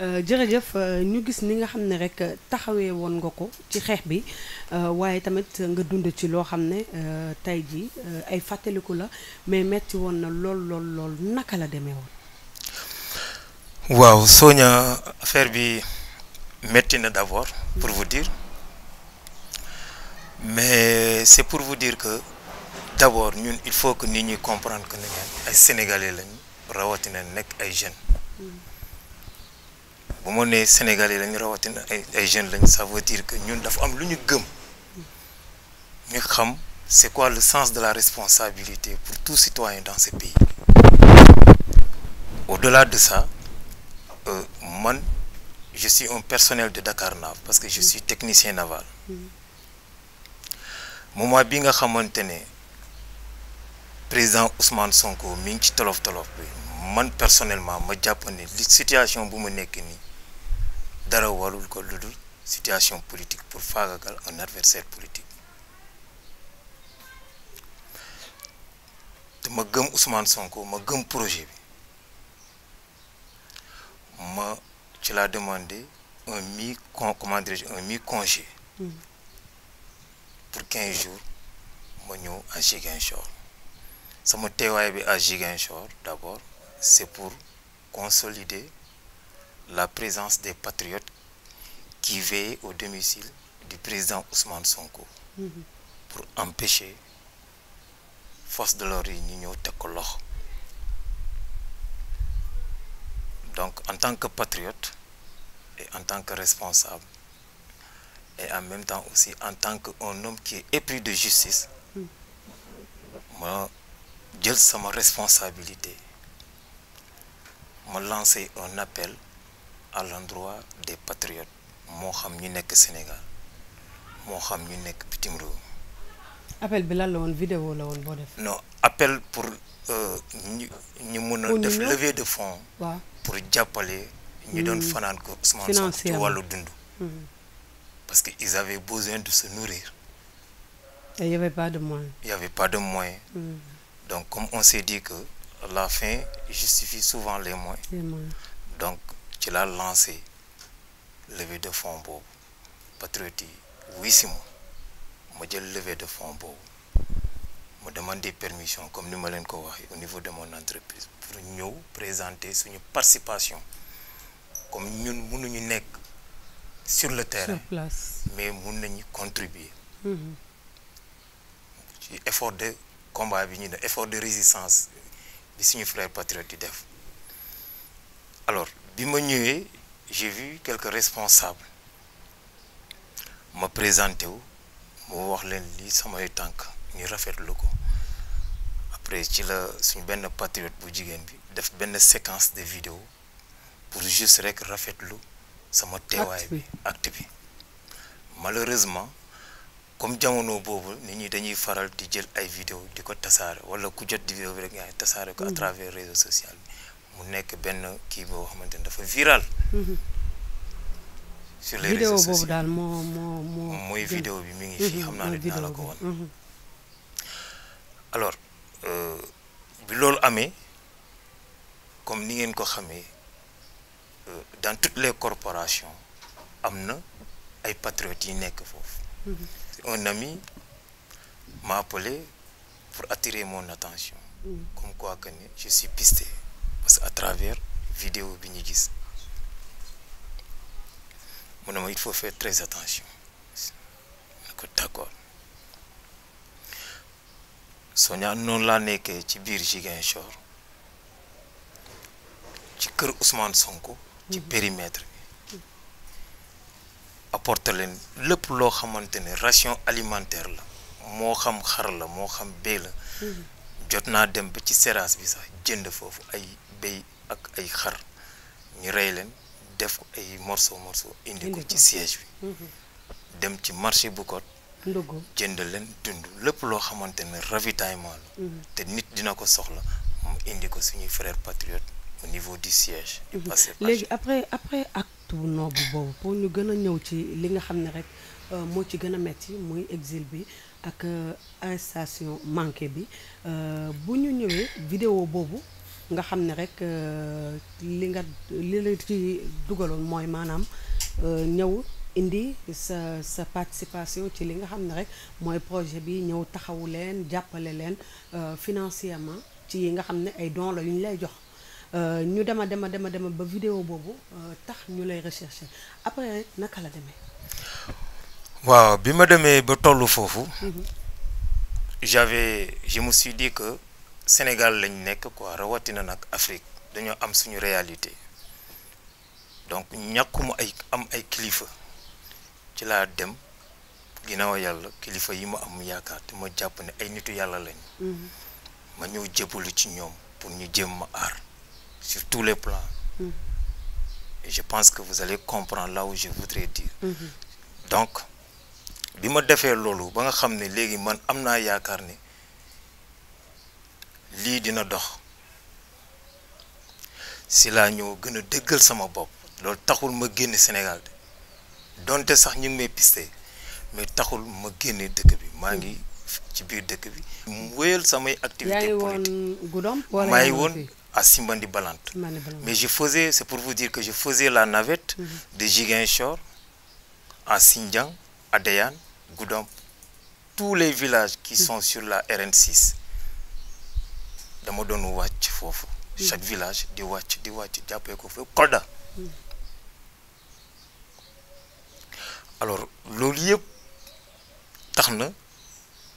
Euh, jërëjëf euh, ñu gis ni nga xam ne rek euh, taxawee woon nga ko ci xeex bi waaye tamit nga dund ci loo xam ne tey jii ay fàttaliku la mais metti woon na lool lool lool naka la demee woon. waaw sooña affaire bi metti na d'abord pour vous dire mais c'est pour vous dire que d'abord ñun il faut que nit ñi comprendre que ne ay sénégalais lañu rawatina nekk ay jeunes. Mm. bu ma nee Sénégalais lañ rawatina ay ay jeunes lañ ça veut que ñun dafa am lu ñu gëm ñu xam c'est quoi le sens de la responsabilité pour tout citoyen dans ce pays au-delà de sa euh, man je suis un personnel de Dakar Nav parce que je suis technicien naval moment bi nga xamante ne président Ousmane Sonko mi ci tolof tolof bi man personnellement ma jàpp ne li situation bu ma nekk nii. dara warul ko lu dul situation politique pour faagagal un adversaire politique te ma gëm Ousmane Sonko ma gëm projet bi ma ci laa demande un mi con comment dirais-je un mi congé hmm. pour quinze jours ma ñëw à Ziguinchor sama teewaay bi à Ziguinchor d'abord c'est pour consolider la présence des patriotes qui veillent au domicile du président Ousmane Sonko. Mm -hmm. pour empêcher force de l'ordre yi ñu ñëw teg donc en tant que patriote et en tant que responsable et en même temps aussi en tant qu'un homme qui est épris de justice mhm. ma jël sama responsabilité ma lancer un appel à l'endroit des patriotes moo xam ñu nekk Sénégal moo xam ñu nekk bitim réew. appel bi lan la woon vidéo la woon boo def. non appel pour euh, ñu ñu mun a. def levée de fonds. waaw pour jàppale. ñu doon hmm. fanaan ko Ousmane Sonko ci wàllu dund. Hmm. que ils avaient besoin de se nourrir. et il y avait pas de moyens. Hmm. donc comme on s'est dit que la fin justifie souvent les moyens. donc ci laa lancé levée de fonds boobu patriote yi wuy si ma jël levée de fonds boobu ma demandé permission comme ni ma leen ko wax au niveau de mon entreprise pour ñëw présenter suñu participation comme ñun mun nañu nekk sur le terrain sur mais mun nañu contribuer mm-hmm. ci effort de combat bi ñu ne effort de résistance bi suñu frère patriote yi def bi ma ñëwee j'ai vu quelque responsable ma présenté wu moo wax leen li samay tànk ñu rafetlu ko après ci la suñ benn patriote bu jigéen bi def benn séquence de vidéo pour juste rek rafetlu sama teewaay bi acte bi malheureusement comme jamono boobu nit ñi dañuy faral di jël ay vidéo di ko tasaare wala ku jot di vidéo bi rek ngay tasaare ko à mm. travers réseau social bi mu nekk benn kii boo xamante ni dafa viral. Mhm. sur les réseaux sociaux moo moo moo. mooy vidéo bi mi ngi fii mhm, xam naa ne dinaa la ko wan. Mhm. alors euh, bi loolu amee comme ni ngeen ko xamee euh, dans toutes les corporations am na ay patriotes yi nekk foofu. un ami m'a appelé pour attirer mon attention. comme quoi que ne je suis parce que à travers vidéo bi ñu gis mu ne ma il faut faire très attention ne ko d'accord soo ñaa noonu laa nekkee ci biir Ziguinchor ci kër Ousmane Sonko ci mhm. périmètre bi mhm. apporter lépp loo xamante ne ration alimentaire la moo xam xar la moo xam bee la mhm. jot naa dem ba ci séras bi sax jënd foofu ay béy ak ay xar ñu rey leen def ko ay morso morceau indi ko ci siège bi mhm. dem ci marché bu kot jënd leen dund lépp loo xamante ne ravitaillement la mhm. te nit dina ko soxla mu indi ko suñuy frères patriotes au niveau du siège mhm. léegi après après acte noble boobu pour ñu gën a ñëw ci li nga xam ne rek euh, moo ci gën a metti muy exil bi ak euh, arrestation manqué bi euh, bu ñu ñëwee vidéo boobu nga xam ne rek euh, li nga li la ci dugaloon mooy maanaam euh, ñëw indi sa sa participation ci li nga xam ne rek mooy projet bi ñëw taxawu leen jàppale leen euh, financièrement ci yi nga xam ne ay dons yu ñu lay jox ñu dema dema dema dema ba vidéo boobu tax ñu lay recherche après rek naka la demee waaw bi ma demee ba tollu foofu mhm. j'avais je me suis que Sénégal lañ nekk quoi rawatina nag Afrique dañoo am suñu réalité donc ñàkkuma ay am ay kilifa ci laa dem ginnaaw yàlla kilifa yi ma am yaakaar te ma jàpp ne ay nitu yàlla lañ mm-hmm. ma ñëw jébbalu ci ñoom pour ñu jéem ma aar sur tous les plans mm-hmm. je pense que vous allez comprendre là où je voudrais dire mm-hmm. donc bi ma defee loolu ba nga xam ne léegi man am naa yaakaar ne lii dina dox si laa ñëw gën a dëggal sama bopp loolu taxul ma génn Sénégal donte sax ñu ngi may pisté mais taxul ma génn dëkk bi maa ngi ci biir dëkk bi. mu wéyal samay activités politiques maa ngi woon à Simbandi Balante mais je faisais c'est pour vous dire que je faisais la navette mhm. de Ziguinchor à Sindian à Deyane Goudomp tous les villages qui mhm. sont sur la rn dama doon wàcc foofu. Hmm. chaque village di wàcc di wàcc jàppee ko foofu Kolda. Hmm. alors loolu yëpp tax na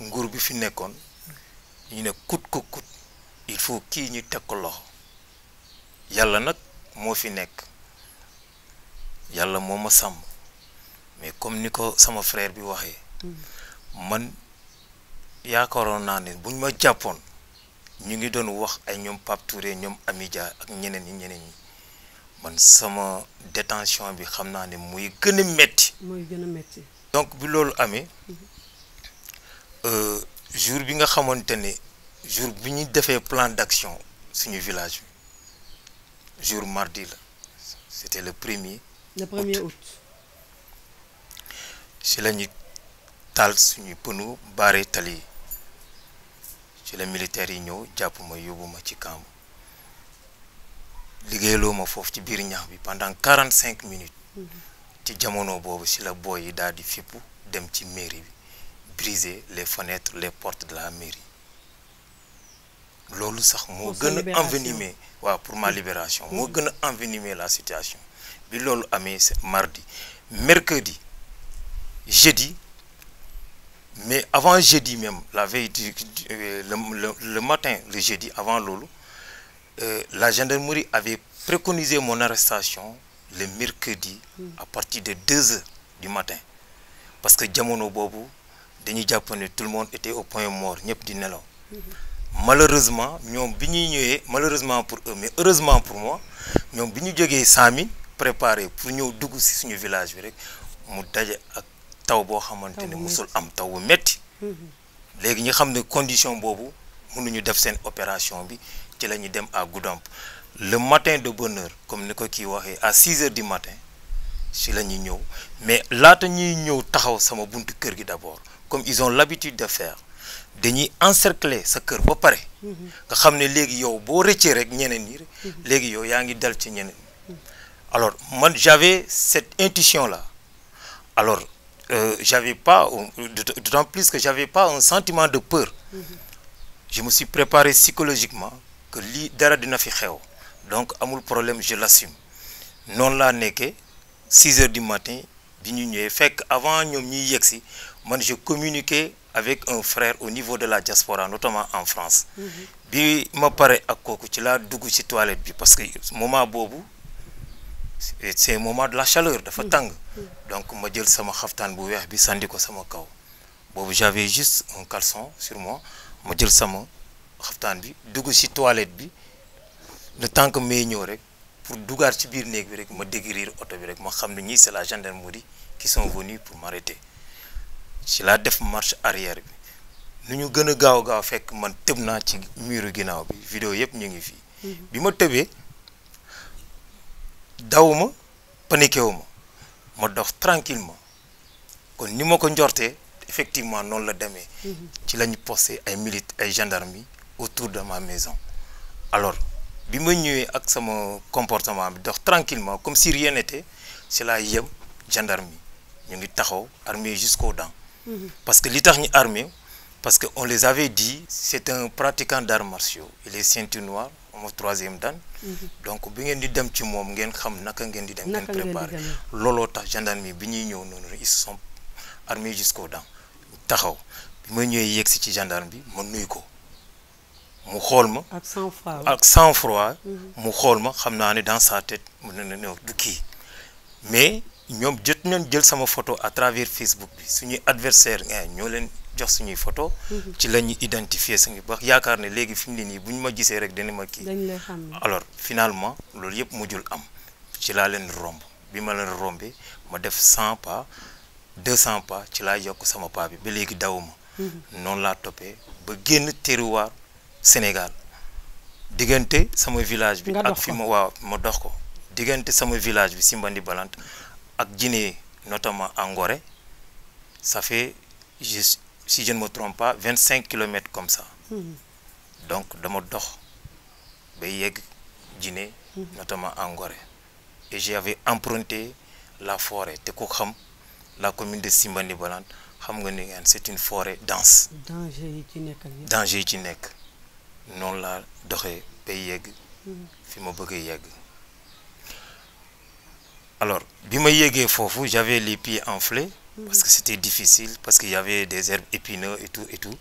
nguur bi fi nekkoon ñu ne kut ko kut il faut kii ñu teg ko loxo yàlla nag moo fi nekk yàlla moo ma sàmm mais comme ni ko sama frair bi waxee hmm. man yaakaaroon naa ne buñ ma jàppoon ñu ngi doon wax ay ñoom Pape Touré ñoom Amidia ak ñeneen ñi ñeneen man sama détention bi xam naa ni muy gën a metti donc bi loolu amee mhm. euh, jour bi nga xamante ne jour bi ñu defee plan d'action suñu village bi jour mardi la c'était le premier le premier août si la ñu taal suñu pënu baare tali yi ci la militaire yi ñëw jàpp ma yóbbu ma ci camp liggéeyloo ma foofu ci biir ñax bi pendant quarante cinq minutes mm-hmm. ci jamono boobu ci la booy yi daal di fippu dem ci mairie bi briser les fenêtres les portes de la mairie loolu sax moo gën a envenimer waaw pour ma libération mm-hmm. moo gën a envenimer la situation bi loolu amee mardi mercredi jeudi mais avant jeudi même la veille du euh, le, le, le matin le jeudi avant loolu euh, la gendarmerie avait préconisé mon arrestation le mercredi à partir de deux heures du matin parce que jamono boobu dañuy jàpp ne tout le monde était au point mort ñëpp di nelaw malheureusement ñoom bi ñuy ñëwee malheureusement pour eux mais heureusement pour moi ñoom bi ñu jógee Samin préparé pour ñëw dugg si suñu village bi rek mu daje ak taw boo xamante ne musul am taw bu métti mm-hmm. léegi ñu xam ne condition boobu mënuñu def seen opération bi ci la ñu dem à Goudomp le matin de bonne comme ni ko kii waxee à 6 heures du matin si la ñuy ñëw mais laata ñuy ñëw taxaw sama bunt kër gi d'abord comme ils ont l'habitude de faire dañuy encercler sa kër ba pare mm-hmm. nga xam ne léegi yow boo rëccee rek ñeneen yi mm-hmm. léegi yow yaa ngi dal ci ñeneen alors man j'avais cette intuition la alors euh, j'avais pas, d'autant plus que j'avais pas un sentiment de peur. Mm -hmm. Je me suis préparé psychologiquement que lii dara dina fi xew donc amul problème je l'assume noonu laa nekke 6 heures du matin bi ñu ñëwee fekk avant ñoom ñuy yegg si man je communiquais avec un frère au niveau de la diaspora notamment en France. Mm-hmm. bi ma ak kooku ci la dugg ci toilette bi parce que moment boobu. c'est un moment de la chaleur dafa mm. tàng mm. donc ma jël sama xaftaan bu weex bi sandi ko sama kaw boobu j'avais juste un caleçon sur moi ma jël sama xaftaan bi dugg ci toilette bi le temps que may rek pour dugaat ci biir néeg bi rek ma dégrir oto bi rek ma xam ne ñii c'est la gendarmerie qui sont venus pour m'arrêter ci laa def marche arrière bi nu ñu gën a gaaw gaaw fekk man tëb naa ci miiru ginnaaw bi vidéo yëpp ñu ngi fii mm-hmm. bi ma tëbee dawuma paniqué wu ma ma dox tranquillement kon ni ma ko njortee effectivement noonu la demee mhm. ci la ñu posté ay milite ay gendarmes yi autour de ma maison alors bi ma ñëwee ak sama comportement am dox tranquillement comme si rien n'était ci laa yem gendarme yi ñu ngi taxaw armé jusqu'aux dents mhm. parce que li tax ñu armé parce que on les avait dit c'est un pratiquant d'arts martiaux il est ceinture noire ma troisième dan mhm. donc bi ngeen di dem ci moom ngeen xam naka ngeen di dem ngeen préparé looloo tax gendarmerie bi ñuy ñëw noonu ils sont armés jusqu'aux dents taxaw bi ma ñëwee yegg si ci gendarme bi ma nuyu ko mu xool ma ak sang froid mhm. mu xool ma xam naa ne dans sa tête mu ne ne du kii mais ñoom jot nañ jël sama photo à Facebook bi suñuy adversaire nga eh, ñoo leen jox suñuy photo mhm. ci la ñu identifier suñu baax yaakaar ne léegi fi mu ne nii bu ñu ma gisee rek dana ma kii alors finalement loolu yëpp mujjul am ci laa leen romb bi ma leen rombee ma def cent pas deux cent pas ci laa yokk sama pas bi ba léegi dawuma mhm. noonu laa toppee ba génn terroir Sénégal diggante sama village bi ak fi ma waaw ma dox ko diggante sama village bi Simbandi Balante ak Guinée notamment Angoré ça fait juste si je ne me pas vingt cinq kilomètres comme ça mhm. donc dama dox ba yég Guinée mhm. notamment en Gorée et j'avais la forêt te ko xam la commune de Simbandi Balante xam nga ni ngeen c'est une forêt dense danger yi ci nekk noonu laa doxee ba yegg mhm. fi ma bëgg yegg alors bi ma yégee foofu j'avais les pieds enflés parce que c'était difficile parce qu'il y avait des herbes épineuses et tout et tout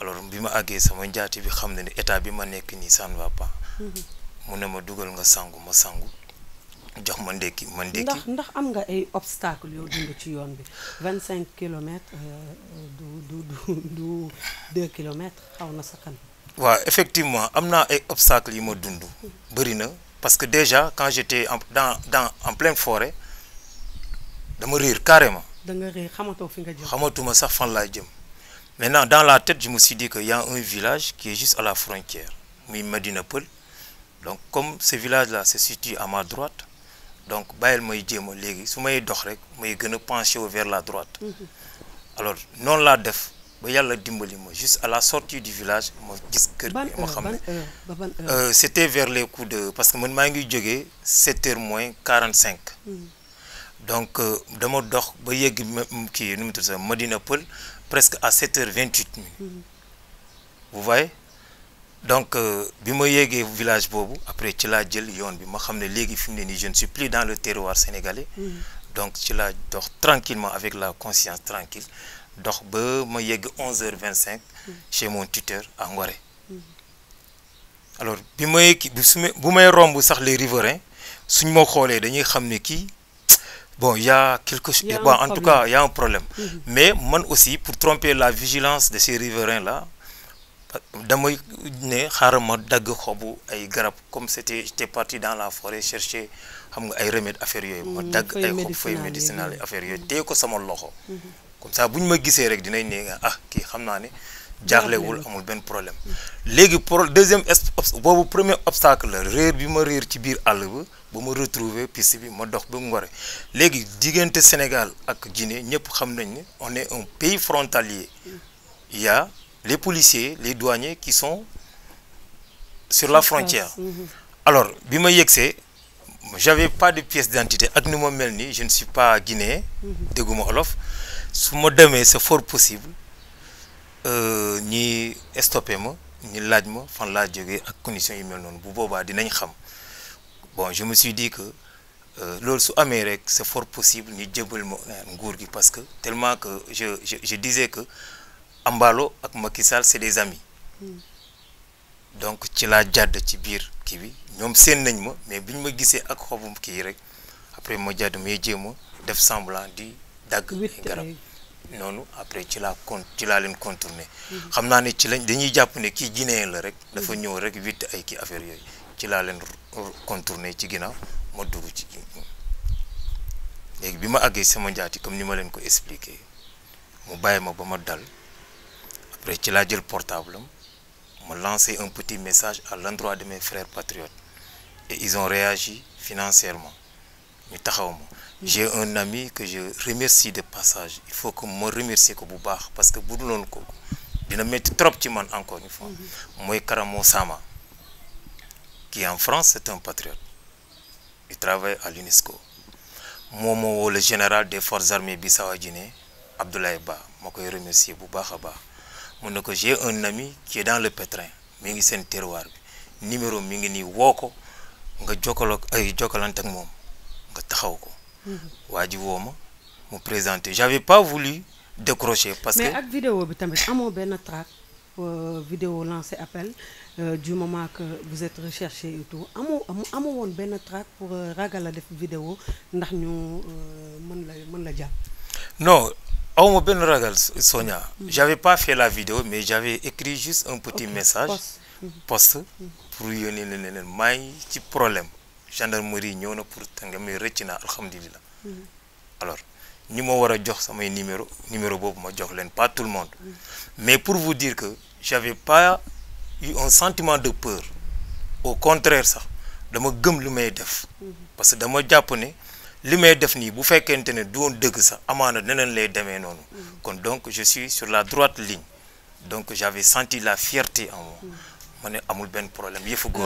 alors bi ma àggee sama njaati bi xam na ne état bi ma nekk nii ça ne va pas. mu ne ma dugal nga sangu ma sangu jox ma ndekki ma ndekki. ndax ndax am nga ay obstacles yoo dund ci yoon bi 25 kilomètres euh, du xaw na sa kan. waaw effectivement am naa ay obstacles yi ma dund. bëri na parce que déjà quand j'étais en dans dans en pleine forêt dama réer carrément. da nga rëy xamatoo xamatuma sax fan laa jëm mais maintenant dans la tête je me suis dit que y a un village qui est juste à la frontière muy madina Peul donc comme ce village là se situe à ma droite donc bàyyil may jéem a léegi su may dox rek may gën a penché vers la droite. Mhm. alors noonu laa def ba yàlla dimbali ma juste à la sortie du village ma gis kër gi ma xam ne euh, c'était vers les coups de parce que man maa ngi jógee 7 heures quarante cinq mhm. donc euh, dama dox ba yegg kii nu mu tudd sax dina Peul presque à 7 heures 28 mi mm-hmm. vous voyez donc euh, bi ma yéegee village boobu après ci laa jël yoon bi ma xam ne léegi fi mu ne nii jeune ne suis dans le terroir sénégalais mm-hmm. donc ci laa dox tranquillement avec la conscience tranquille dox ba ma yegg 11 heures 25 mm-hmm. chez mon tuteur à Ngoré alors bi may ki bu may romb sax les riverains suñ ma xoolee dañuy xam ne kii bon il y a quelque chose en tout cas il y problème mm-hmm. mais man aussi pour tromper la vigilance de ces riverains la damay ne xaaral ma dagg xobu ay garab comme c'était j'étais parti dans la forêt chercher xam nga ay remèdes affaires yooyu ma mm-hmm. dagg ay xob feuilles médicinales affaires yooyu te ko sama loxo mm-hmm. comme ça bu ñu ma gisee rek dinañ ne ah kii xam naa ne jaaxlewul amul benn problème léegi pro deuxième boobu premier obstacle la réer bi ma réer ci biir àll ba ma retrouver piste bi ma dox ba mu waree léegi diggante Sénégal ak Guinée ñëpp xam nañ ne on est un pays frontalier il les policiers les douaniers qui sont sur la frontière mhm. alors bi ma yegsee j'avais pas de pièce d'identité ak ni ma mel nii je ne suis pas guinéen mhm. dégguma olof su ma demee c'est fort possible Euh, ñi stoppé ma ñi laaj ma fan laa jógee ak condition yu mel noonu bu boobaa dinañ xam bon je me suis dit que euh, loolu su amee rek c'est fort possible ñu jëbal ma nguur gi parce que tellement que je je ko disais que Ambalo ak Macky Sall c'est des amis mm. donc ci laa jàdd ci biir kii bi ñoom seen nañ ma mais biñ ma gisee ak xobum kii rek après ma jàdd may jéem a def semblant di dagg garab noonu après ci laa con ci laa leen contourné. xam naa ne ci lañ dañuy jàpp ne kii guinéen la rek. dafa ñëw rek witt ay kii affaire yooyu ci laa leen contourné ci ginnaaw ma dugg ci léegi bi ma àggee sama njaati comme ni ma leen ko expliqué mu bàyyi ma ba ma dal après ci laa jël portable am ma lancé un petit message à l'endroit de mes frères patriotes et ils ont réagi financièrement. ñu taxaw ma j'ai un ami que je remercie de passage il faut que ma remercier ko bu baax parce que bu duloon ko dina métti trop ci man encore une fois mm-hmm. mooy Karamo Sama qui en France c'est un patriote il travaille à l'UNESCO moom moo woo général des forces armées Bissau Guinée Abdoulaye Ba ma koy remercier bu baax a baax mun na ko j'ai un ami kii dans le pétrin mi ngi seen terroir bi numéro mi ngi nii woo ko nga jokkaloo ay jokkalante ak moom taxaw ko. waa ji woo mu présenté j'avais pas voulu décrocher. parce que ak vidéo bi tamit amoo benn track euh, vidéo lancé appel euh, du moment que vous êtes recherché et amoo amoo benn track pour euh, ragal a def vidéo ndax ñu mën la mën la jàpp. non awma benn ragal Sonia. j'avais pas fait la vidéo mais j'avais écrit juste un petit message. poste pour yónnee leen maa ngi ci problème. gendarmerie ñëw na pour tànga mais rëcc na alhamdulilah. Hmm. alors ñu ma war a jox samay numéro numéro boobu ma jox leen pas tout le monde. Hmm. mais pour vous dire que j'avais pas un sentiment de peur au contraire sax dama gëm lu may def. Hmm. parce que dama jàpp ne li may def nii bu fekkente ne doon dëgg sax amaana neneen lay demee noonu. kon donc je suis sur la droite ligne donc j'avais senti la fierté en ma ne amul benn problème yëfu góor